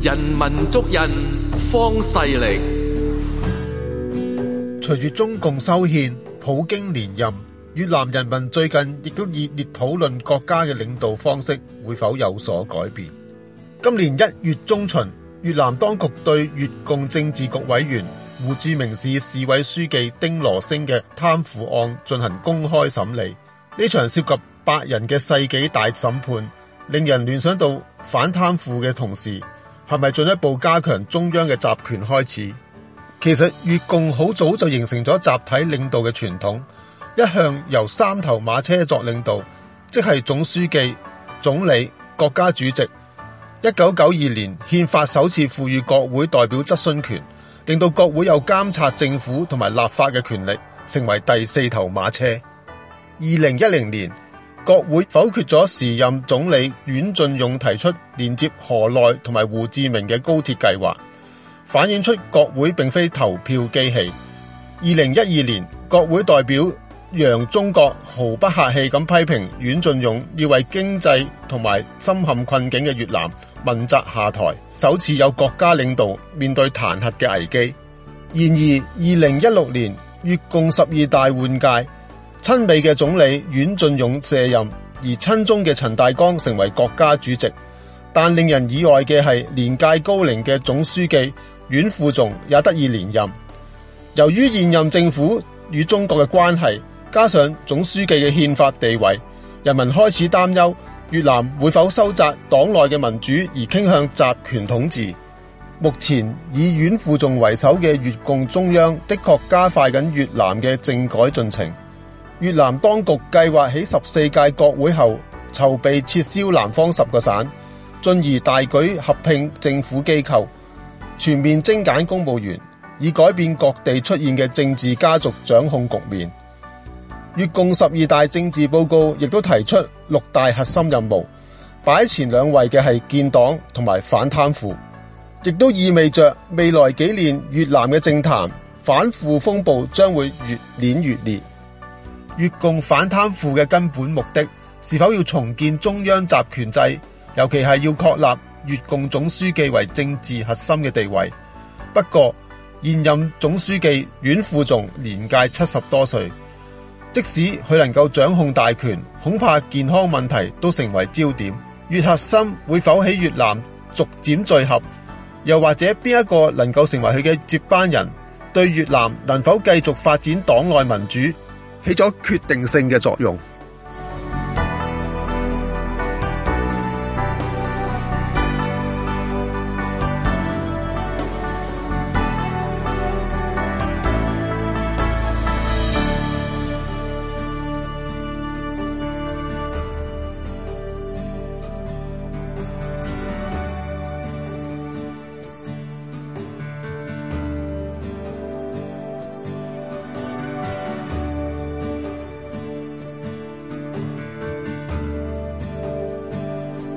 人文足印，方世歷，隨住中共修憲，普京連任，越南人民最近亦都熱烈討論國家嘅領導方式會否有所改變。今年一月中旬，越南當局對越共政治局委員胡志明市市委書記丁羅星嘅貪腐案進行公開審理。呢場涉及八人嘅世紀大審判，令人聯想到反貪腐嘅同時。係咪進一步加強中央嘅集權開始？其實越共好早就形成咗集體領導嘅傳統，一向由三頭馬車作領導，即係總書記、總理、國家主席。一九九二年憲法首次賦予國會代表質詢權，令到國會有監察政府同埋立法嘅權力，成為第四頭馬車。二零一零年，國會否決咗時任總理阮晉勇提出連接河內同埋胡志明嘅高鐵計劃，反映出國會並非投票機器。二零一二年，國會代表楊中國毫不客氣咁批評阮晉勇要為經濟同埋深陷困境嘅越南問責下台，首次有國家領導面對彈劾嘅危機。然而2016年，二零一六年越共十二大換屆。親美嘅總理阮晉勇卸任，而親中嘅陳大光成為國家主席。但令人意外嘅係，年屆高齡嘅總書記阮富仲也得以連任。由於現任政府與中國嘅關係，加上總書記嘅憲法地位，人民開始擔憂越南會否收窄黨內嘅民主而傾向集權統治。目前以阮富仲為首嘅越共中央的確加快緊越南嘅政改進程。越南當局計劃喺十四屆國會後籌備撤銷南方十個省，進而大舉合併政府機構，全面精簡公務員，以改變各地出現嘅政治家族掌控局面。越共十二大政治報告亦都提出六大核心任務，擺前兩位嘅係建黨同埋反貪腐，亦都意味着未來幾年越南嘅政壇反腐風暴將會越演越烈。越共反貪腐嘅根本目的是否要重建中央集權制，尤其係要確立越共總書記為政治核心嘅地位？不過現任總書記阮富仲年屆七十多歲，即使佢能夠掌控大權，恐怕健康問題都成為焦點。越核心會否喺越南逐漸聚合？又或者邊一個能夠成為佢嘅接班人？對越南能否繼續發展黨內民主？起咗決定性嘅作用。